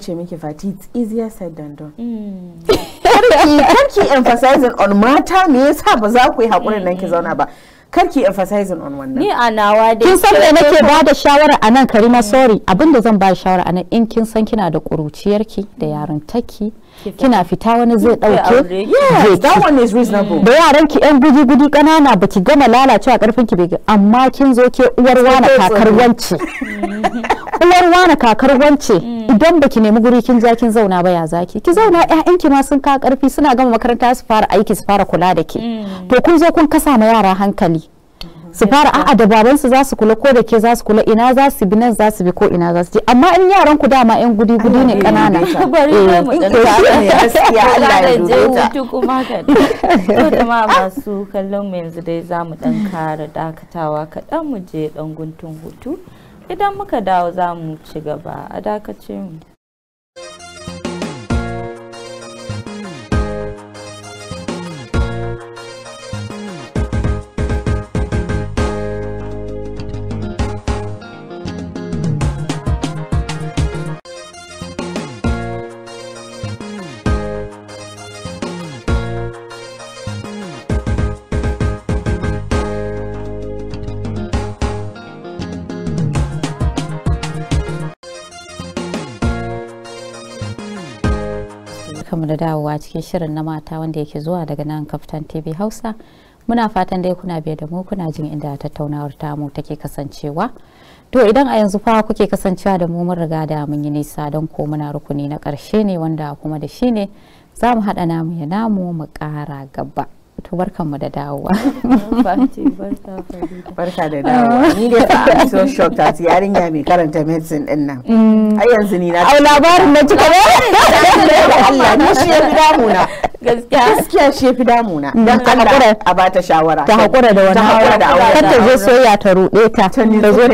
but it's easier said than done mm. karki emphasizing on mata me yasa ba za ku yi haƙurin nan ki zauna ba karki emphasizing on wannan ni a nawa dai kin san me nake ba da shawara a nan karima mm. sorry abinda zan ba shawara a nan in kin san kina da ƙuruciyarki da mm. yaron taki kina fita wani zai dauke da yaran ki yan gudu gudu kanana ki gama lalacewa karfin ki bai amma kin zo ke uwar wani kakar wanci uwar wani kakar wance mm. idan baki nemi guri kin ja kin zauna ba ya zaki ki zauna mm. ƴaƴan ki ma sun ka karfi suna gama makaranta su fara aiki su fara kula da ke mm. to kun zo kun kasa ma yara hankali su fara a'a da baban su za su kula ko da ke za su kula ina za su bi nan za su bi ko ina za su je amma in yaran ku dama yan gudi gudi ne kanana (laughs) mu kuma masu kallon mu yanzu dai za mu dan kara dakatawa kaɗan mu je dan guntun hutu idan muka dawo za mu ci gaba a dakace mu dawowa cikin shirin na mata wanda yake zuwa daga nan kaftan tv hausa muna fatan dai kuna biye da mu kuna jin inda tattaunawar tamu take kasancewa to idan a yanzu fa kuke kasancewa da mu mun riga da mun yi nisa don ko muna rukuni na karshe ne wanda kuma da shi ne za mu haɗa namu ya namu mu ƙara gaba to mu da dawowa barka da dawowa ni dai fa am so shocked ta yarinya mai karanta medicine din nan mm. ai yanzu ni na au labarin na cika ba Allah ni shi ya fi damuna gaskiya gaskiya shi ya fi damuna mm, dan Allah a ba ta shawara ta hakura da wani hakura da aure kar ta je soyayya ta rude ta ta zo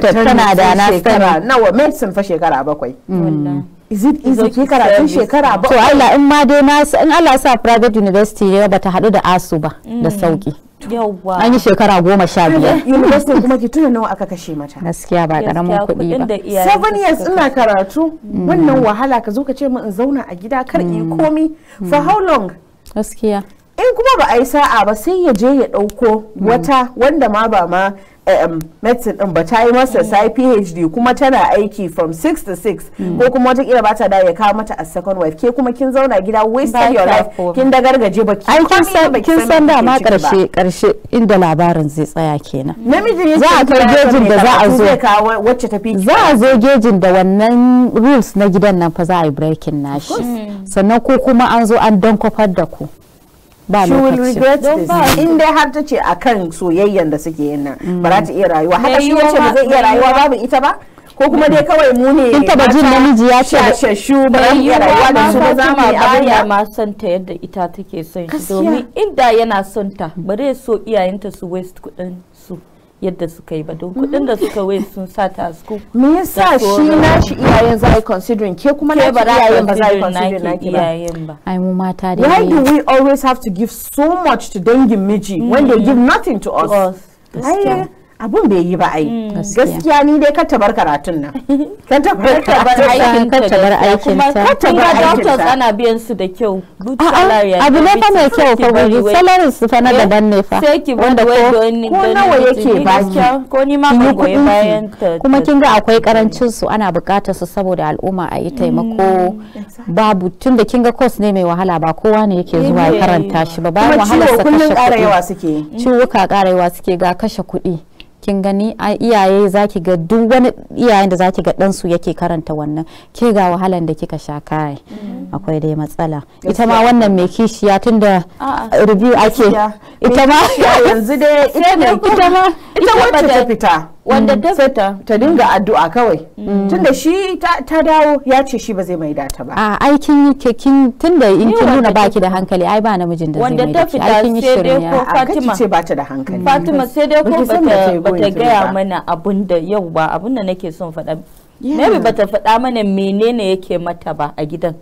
ta tana da na nawa medicine fa shekara bakwai mm. wallahi izik ki karatun shekara ba to Allah in ma dai na in Allah sa private university ne bata hadu da asu ba mm. da sauki yawwa an yi shekara goma sha biyar university kuma ki tuna nawa aka kashe mata gaskiya ba karamin kuɗi ba seven years ina karatu mm. wannan wahala ka zo ka ce min in zauna a gida kar in mm. komi for how long gaskiya in kuma ba a yi sa'a ba sai ya je ya ɗauko wata wanda ma ba ma Um, medicine din ba ta yi masa mm. sai phd kuma tana aiki from 6 to 6 mm. ko kuma kira ba ta da ya kawo mata a second wife ke kuma kin zauna gida of your life kin da gargaje ba ki ba. kin san da ma karshe karshe inda labarin zai tsaya kenan namijin za a kai gejin da za a zo wacce tafi za a zo gejin da wannan rules na gidan nan fa za a yi breaking nashi sannan ko kuma an zo an don kofar da ku she will regret this in dai har ta ce akan soyayyen da suke yin nan ba za ta iya rayuwa haka shi yace ba zai iya rayuwa babu ita ba ko kuma dai kawai mu ne in taba jin namiji ya ce shashu ba zan iya rayuwa da su ba za mu yi abin ya ma son ta yadda ita take son shi domin inda yana son ta bare so iyayenta su waste kudin yadda suka yi ba don kudin da suka wai sun sa ta su me yasa shi na shi iyayen za a yi considering ke kuma na iyayen ba za a yi considering iyayen ba ai mu mata da why do we always have to give so much to dangin miji when they mm. give nothing to us, us. abun bai yi ba ai mm. gaskiya ni dai kar ta bar karatun nan (laughs) kar ta bar aikin ta da kuma kar ta doctors ana biyan su da kyau good salary abu ne fa mai kyau fa wuri salarin su fa na eh? daban ne fa wanda ko nawa yake ki ko ni ma ba goyi bayan ta kuma kin ga akwai karancin su ana bukatar su saboda al'umma a yi taimako mm, babu tunda kin ga course ne mai wahala ba kowa ne yake zuwa eh, karanta shi ba ba wahala sa kashe kuɗi ciwo ka karewa yawa suke ga kashe kuɗi kin gani iyaye zaki ga duk wani iyayen da zaki ga ɗansu yake karanta wannan ke ga wahalan da kika sha kai mm. akwai dai matsala ita ma wannan mai kishiya tunda review ake ita ma (laughs) yanzu dai ita ne ita ma ita wacce mm. ta fita wanda ta fita ta dinga addu'a kawai mm. tunda shi ta dawo ya ce shi ba zai mai data ba a aikin kin tunda in kin nuna baki da hankali ai ba namijin da zai mai data aikin yi shirin ya a kace ce ba ta da hankali mm. Fatima sai dai ko ba ta gaya mana abun da yau ba abun da nake son faɗa maybe ba ta faɗa mana menene yake mata ba a gidan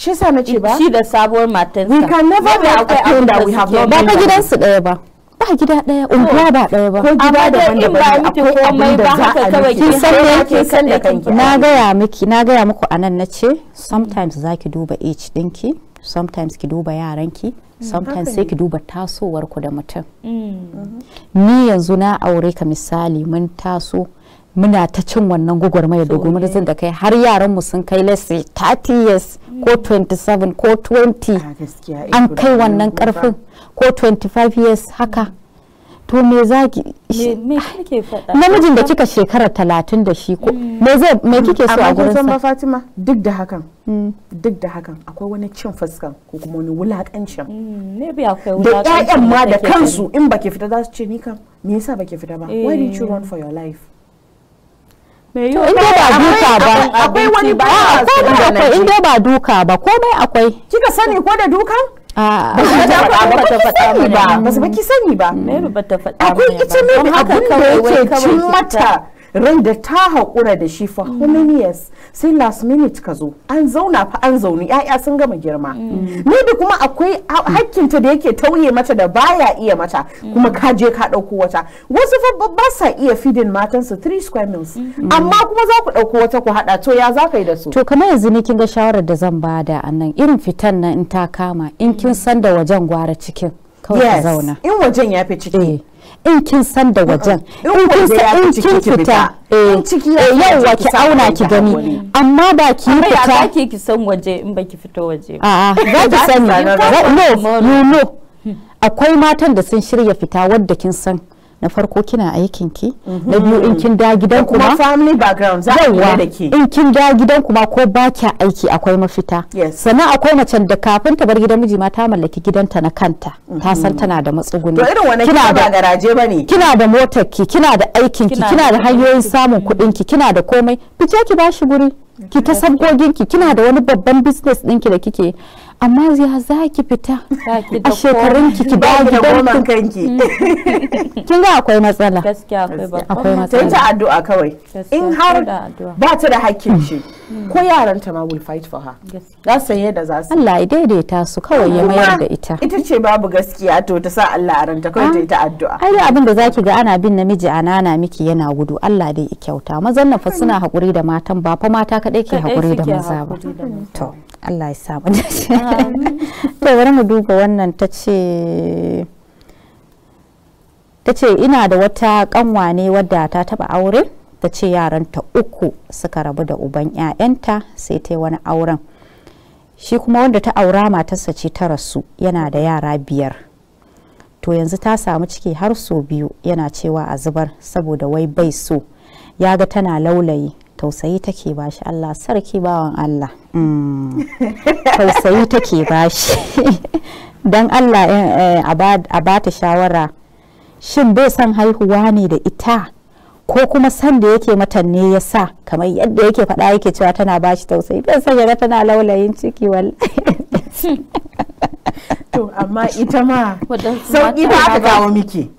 shi sa na ce ba shi da sabuwar matansa we can never be a abin da we have not ba ka gidansu daya ba ba gida daya unguwa ba daya ba ko gida daban ba akwai abin da za a kin san me kin san da kanki na gaya miki na gaya muku anan na ce sometimes zaki duba age dinki sometimes ki duba yaranki mm, sometimes sai ki duba tasowar ku da mutum mm. ni yanzu na aure ka misali mun taso muna ta cin wannan gwagwarmaya da gwamnatin da kai har yaran mu sun kai lasi 30 years ko 27 ko 20 eh, an kai wannan karfin ko 25 years haka to me za ki namijin da kika shekara talatin da shi ko mm. me zai me kike so a gurin sa Fatima duk da hakan mm. duk da hakan akwai wani cin fuskan ko kuma wani wulakancin mm, da ƴaƴan ma da kansu in baki fita za su ce ni kam me yasa baki fita ba why did you run for your life in dai ba duka ba akwai wani ba komai akwai ba duka ba komai akwai kika sani ko da duka. ba su sani ba akwai ita ne abin da yake cin mata rai da ta haƙura da shi for how many sai last minute ka zo an zauna fa an zauni ya'ya sun gama girma mm. maybe kuma akwai hakkinta da yake tauye mata da baya iya mata mm. kuma ka je ka ɗauko wata wasu fa ba sa iya fidin su 3 square meals mm-hmm. amma kuma za ku ɗauko wata ku haɗa to ya za ka yi da su to kamar yanzu ne kin ga shawarar da zan bada a nan irin fitan nan in ta kama in kin mm. san da wajen gwara cikin kawai zauna in wajen ya fi ciki eh. in kin san da wajen in kin san in kin fita eh, eh wa ki auna ki gani amma ba ki yi fita amma ya ki san waje in ba ki fita waje a za ki sani no no akwai matan da sun shirya fita wadda kin san na farko kina aikin ki na mhm. biyu in kin da gidan kuma family background za a da ki in kin da gidan kuma ko ba kya aiki akwai mafita sannan akwai mace da kafin ta bar gidan miji ma ta mallaki gidanta na kanta ta mhm. san tana da matsuguni to irin wannan kina ba garaje bane kina da motar ki kina da aikin ki kina da hanyoyin samun kudin ki kina da komai fice ki bashi guri ki ta sabgogin ki kina da wani babban business ɗinki da kike amma ya za ki fita a shekarun ki ki ba gidan kanki mm. kin ga akwai matsala gaskiya akwai matsala ta addu'a kawai in har ba ta da hakkin shi mm. ko yaran ta ma will fight for her za su yi da za su Allah ya daidaita su kawai ya mayar da ita ita ce babu gaskiya to ta sa Allah a ranta kawai ta yi ta ah, addu'a ai da abin da zaki ga ana bin namiji anana miki yana gudu Allah dai ya kyauta mazan nafa suna hakuri da matan ba fa mata kaɗai ke haƙuri da maza ba to Allah ya sa mu (laughs) to bari mu duba wannan ta ce ina da wata kanwa ne wadda ta taɓa aure ta ce yaranta uku suka rabu da uban 'ya'yanta sai ta wani auren shi kuma wanda ta aura matarsa ce ta rasu yana da yara biyar to yanzu ta samu ciki har so biyu yana cewa a zubar saboda wai bai so ya ga tana laulayi tausayi take ba shi Allah sarki bawan Allah mm. (laughs) tausayi take ba shi (laughs) don Allah eh, eh, a ba ta shawara shin bai son haihuwa ne da ita ko kuma san da yake mata ne ya sa kamar yadda yake faɗa yake cewa tana ba shi tausayi bai son yaga tana laulayin ciki wallahi (laughs) to amma ita ma sauki ba ta kawo miki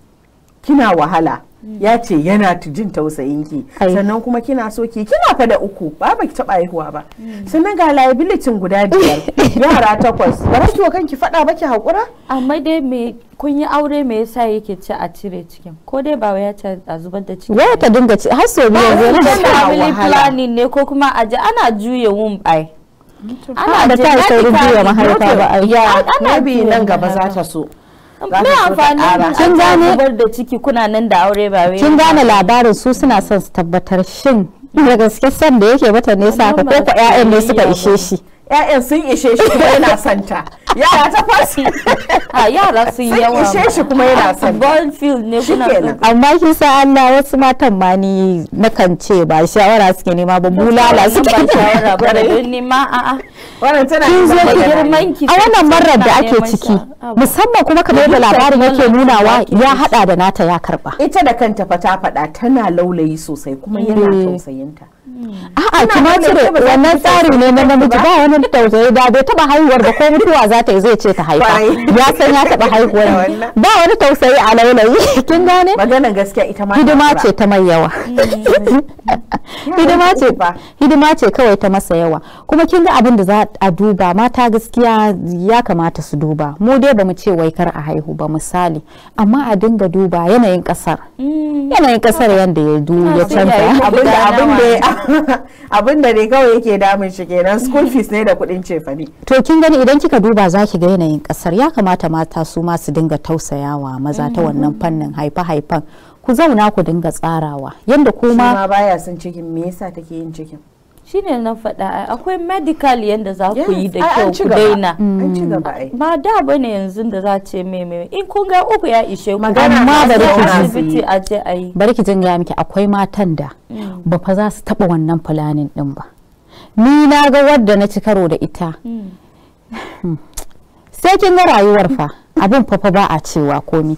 kina wahala ya ce yana jin ki sannan kuma kina so ki kina fa da uku ba ba ki taba haihuwa ba mm. sannan ga liability guda biyar (laughs) yara takwas ba ki kanki fada ba ki hakura amma dai me kun yi aure me yasa yake ci a cire cikin ko dai ba ya ta a zubar da cikin ya ta dinga ci har sau biyar zai ta family planning ne ko kuma aje ana juye wun bai ana da ta sauri juya mahaifa ba ai ana bi nan gaba za ta so me amfani kin gane zubar da ciki kuna nan da aure ba wai kin gane labarin su suna son su tabbatar shin da gaske san da yake mata ne sa ka ko ƴaƴan ne suka ishe shi ƴaƴan sun ishe shi kuma yana santa yara ta takwas (laughs) a yara sun yi yawa sun ishe shi kuma yana son ball field ne kuna amma shi sa Allah wasu matan ma ni nakan ce ba shawara suke nema ba bulala suke ba shawara ba da ni ma a a wannan tana kin zo girman ki a wannan marar da ake ciki musamman kuma kamar da labarin yake nunawa ya hada da nata ya karba ita da kanta fa ta faɗa tana laulayi sosai kuma yana eh. tausayinta a'a kuma cire wannan tsari ne na namiji ba wani tausayi da bai taba haihuwar ba ko mutuwa za ta yi zai ce ta haifa ya san ya taɓa haihuwar ba wani tausayi a laulayi (laughs) kin gane magana gaskiya ita ma hidima ce ta mai yawa eh. (laughs) hidima ce hidima ce kawai ta masa yawa kuma kin ga abin da za a duba mata gaskiya ya kamata su duba mu dai bamu ce wai kar a haihu ba misali amma a dinga duba yanayin kasar hmm. yanayin kasar yanda ya du ya canza abin da abin da abin da (laughs) ne kawai yake damun shi kenan school fees ne da kuɗin cefane to kin gani idan kika duba za ki ga yanayin kasar ya kamata mata su ma su dinga tausayawa maza ta wannan fannin haifa haifan ku zauna ku dinga tsarawa yanda kuma ma baya son cikin me yasa take yin cikin shine na faɗa akwai medical yanda za ku yi da kyau ku daina mm. ba da ba ne yanzu da za ce mai in kun ga uku ya ishe ku magana ma bari ki asibiti a je a yi bari ki jin miki akwai matan da mm. ba fa za su taba wannan planning din ba ni na ga wadda na ci karo da ita mm. hmm. sai kin ga rayuwar fa abin fa ba a cewa komi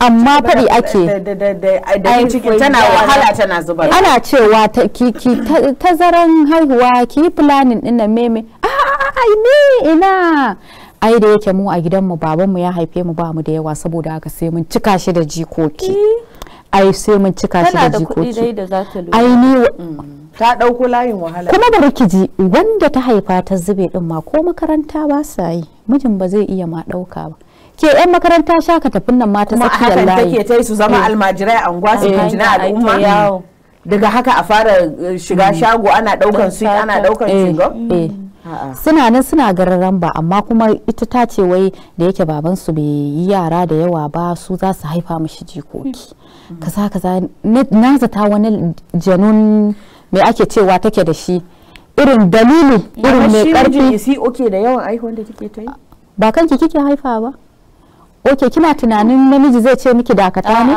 amma faɗi ake tana wahala tana zubar ana cewa tazaran haihuwa ki planning ɗin nan meme ai ne ina ai da yake mu a gidanmu babanmu ya haife mu ba mu da yawa saboda haka sai mun cika shi da jikoki eh. ai sai mun cika shi da jikoki ai ni mm. ta dauko layin wahala kuma bari ki ji wanda ta haifa ta zube din ma ko makaranta ba sa yi mijin ba zai iya ma dauka ba ke yan makaranta shaka tafin nan ma ta tsakiyar layi kuma take ta su zama eh. almajirai a unguwa su kujina eh. al'umma mm. daga haka a fara eh, shiga mm. shago ana daukan su ana daukan shiga suna nan suna gararan ba amma kuma ita ta ce wai da yake babansu bai yi yara da yawa ba su za su haifa mishi jikoki kaza kaza na zata wani janun me ake cewa take da shi irin dalili irin mai karfi shi oke da yawan aihuwan da kike ta yi ba kanki kike haifa ba oke kina tunanin namiji zai ce miki dakata ne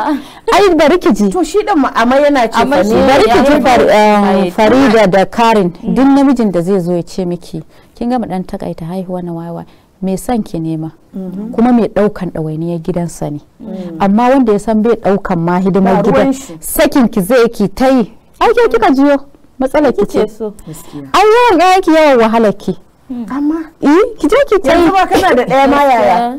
ai ki ji to shi dan amma yana ce ki ji eh, farida da karin duk namijin da zai zo ya ce miki kin ga mu dan takaita haihuwa na wayewa mai son ki nema mhm. kuma mai daukan ɗawainiyar gidansa ne mm. amma wanda ya san bai daukan ma hidimar gidan sakin ki zai ki ta yi ake kika jiyo matsalar ki ce an yawan yawan wahalar ki mm. amma eh ki je ki ta yi kana da ɗaya ma yaya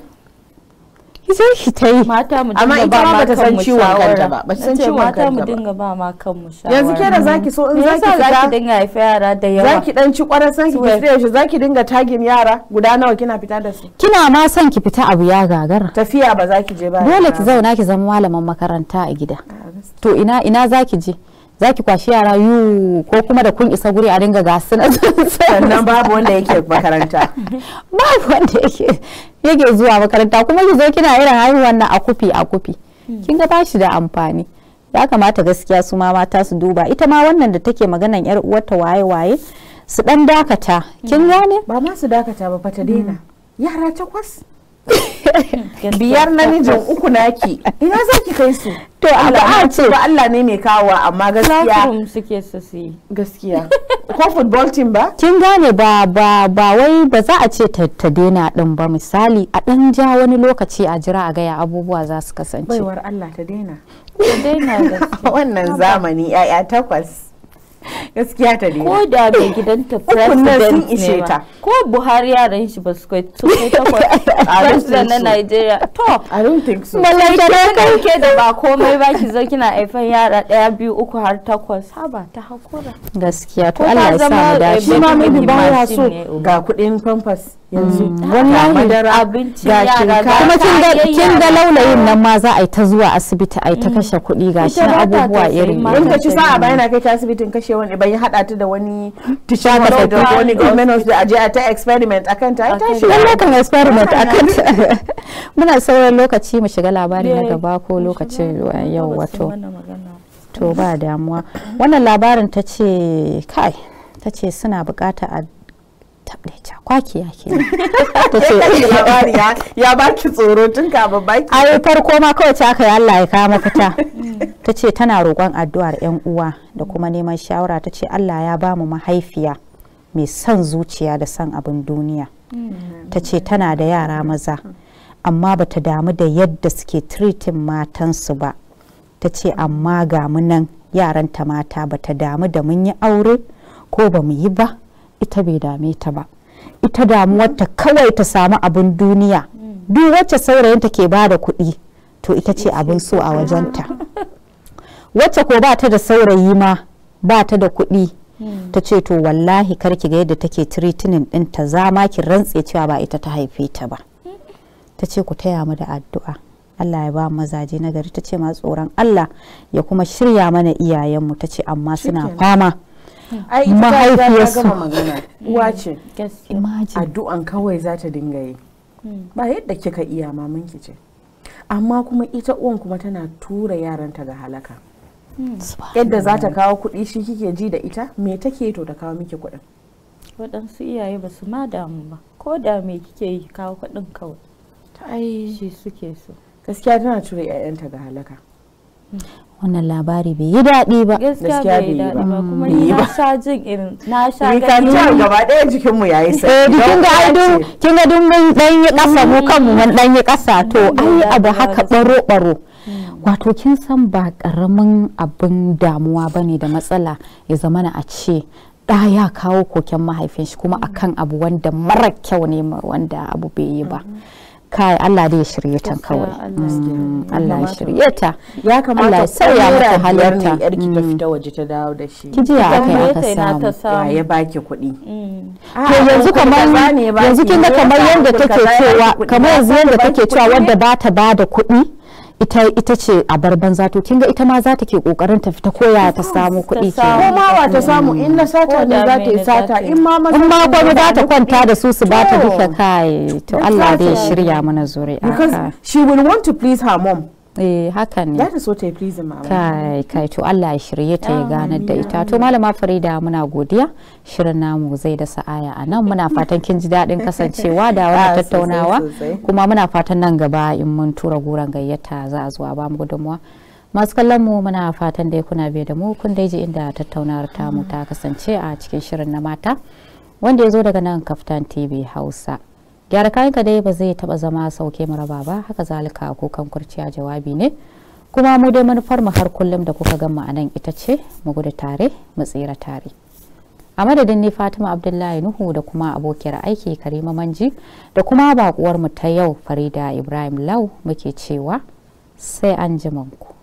sai shi ta yi amma ita ma bata san ciwon kanta ba bata san ciwon kanta ba mu dinga ba ma kanmu shawara yanzu ke da zaki so in zaki zaki dinga haifa yara da yawa zaki dan ci kwarar san ki fita shi zaki dinga tagin yara guda nawa kina fita da su kina ma son ki fita abu ya gagara tafiya ba zaki je ba dole ki zauna ki zama malaman makaranta a gida ah, to ina ina zaki je za ki kwashi yara yu ko kuma da kun isa guri a ringa gasu na sannan (laughs) babu wanda yake makaranta (laughs) babu wanda yake yake zuwa makaranta kuma ki zo kina irin haihuwan na a kufi a kufi hmm. kin ga ba shi da amfani ya kamata gaskiya su ma mata su duba ita ma wannan da take maganan yar uwarta waye waye su dan dakata kin hmm. gane ba ma su dakata ba fa ta daina hmm. yara takwas (laughs) biyar namijin uku naki ina za ki kai su to al'a ce ba Allah ne mai kawo amma gaskiya suke su su gaskiya ko football team ba kin gane ba ba ba wai ba za a ce ta daina din ba misali a dan ja wani lokaci a jira a gaya abubuwa za su kasance baiwar Allah ta daina ta daina (laughs) wannan zamani yaya takwas gaskiya ta ne ko da mai gidanta (laughs) president ne ta ko buhari yaran shi ba su kai su kai (laughs) takwas president na nigeria to i don't think so malaikai kai ke da ba (laughs) komai ba ki zo kina aifan yara daya biyu uku har takwas haba ta hakura gaskiya to allah ya sa mu dace shi ma mai ba ya so ga kudin pampers yanzu mm. wannan madara abinci ga kuma kin ga kin ga laulayin nan ma za a yi ta zuwa asibiti a yi ta mm. kashe kuɗi ga shi abubuwa irin wanda ci sa'a ba yana kai ta asibitin kashe kashe wani ban yi hada ta da wani tisha da da wani da a ta experiment akan ta ai tashi ta muna sauran lokaci mu shiga labari na gaba ko lokacin yau wato to ba damuwa wannan labarin ta ce kai ta ce suna bukata a tabde cakwakiya ke (laughs) ta ce labari (laughs) ya baki tsoro tun kafin baki ai farko ma kawai ta aka Allah ya kawo mafita (laughs) ta ce tana roƙon addu'ar yan uwa da kuma neman shawara ta ce Allah ya bamu mahaifiya mai son zuciya da son abin duniya mm. ta ce tana da yara maza amma bata damu da yadda suke tiritin matansu ba ta ce amma ga mu nan yaranta mata bata damu da mun yi aure ko ba mu yi ba ita bai dame ta ba ita damuwarta kawai ta samu abin duniya duk wacce saurayinta ke ba da kuɗi to ita ce abin so a wajenta wacce ko ba ta da saurayi ma ba ta da kuɗi hmm. ta ce to wallahi kar ki ga yadda take tiritinin ɗinta za ma ki rantse cewa ba ita ta haife ta ba ta ce ku taya mu da addu'a Allah ya ba mazaje na gari ta ce ma tsoron Allah ya kuma shirya mana iyayenmu ta ce amma suna fama mahaifiyarsu uwa ce addu'an kawai za ta dinga yi hmm. ba yadda kika iya mamanki ce amma kuma ita uwan kuma tana tura yaranta ga halaka hmm. yadda za ta kawo kuɗi shi kike ji da ita me take to ta kawo miki kuɗin waɗansu iyaye ba su ma damu ba ko da me kike yi kawo kuɗin kawai ta shi suke so gaskiya tana tura 'ya'yanta ga halaka hmm. wannan labari bai yi daɗi ba gaskiya bai yi daɗi ba kuma ni na sha jin irin na sha gani ni gaba ɗaya jikin mu yayi sai eh jikin ga ai dun kin ga dun mun dan yi ƙasa mu kanmu mun dan yi ƙasa to mm, ai abu haka baro baro mm. wato kin san ba karamin abin damuwa bane da matsala ya zamana a ce da ya kawo koken mahaifin shi kuma akan abu wanda mara kyau ne wanda abu bai yi ba. Mm -hmm. kai Allah dai ya shirye ta kawai Allah ya shirye mm, ta ya kamata ya sauya mata halarta ki ta mm. fita waje ta dawo da shi kiji ya aka yi aka samu ya baki kuɗi mm. to ah, yanzu kamar yanzu kin ga kamar yanda take cewa kamar yanzu yanda take cewa wanda ba ta bada kuɗi ita ita ce a barban zato kinga ita ma za ta ke kokarin ta fita koya ta samu kuɗi ke ko ma wa ta samu in na sata ne za ta yi sata in ma ma in ma za ta kwanta da su su ba ta duka kai to Allah dai shirya mana zuri'a because she will want to please her mom eh haka ne za so ta yi prison mama kai kai to Allah ya shirye ta ya ganar da ita to malama Farida muna godiya shirin namu zai da sa'aya a nan muna fatan kin ji daɗin kasancewa da (laughs) wani ah, tattaunawa kuma muna fatan nan gaba in mun tura goron gayyata za a zuwa ba mu gudunmuwa masu kallon mu muna fatan dai kuna biye da mu kun dai ji inda tattaunawar ta mu ta kasance a cikin shirin na mata wanda ya zo daga nan kaftan tv hausa gyara kayanka dai ba zai taba zama sauke raba ba haka zalika kukan kurciya jawabi ne kuma mu dai manufar mu har kullum da kuka gama a nan ita ce mu gudu tare mu tsira tare a madadin ne fatima abdullahi nuhu da kuma abokiyar aiki karima manji da kuma bakuwar mu ta yau farida ibrahim lau muke cewa sai an ku.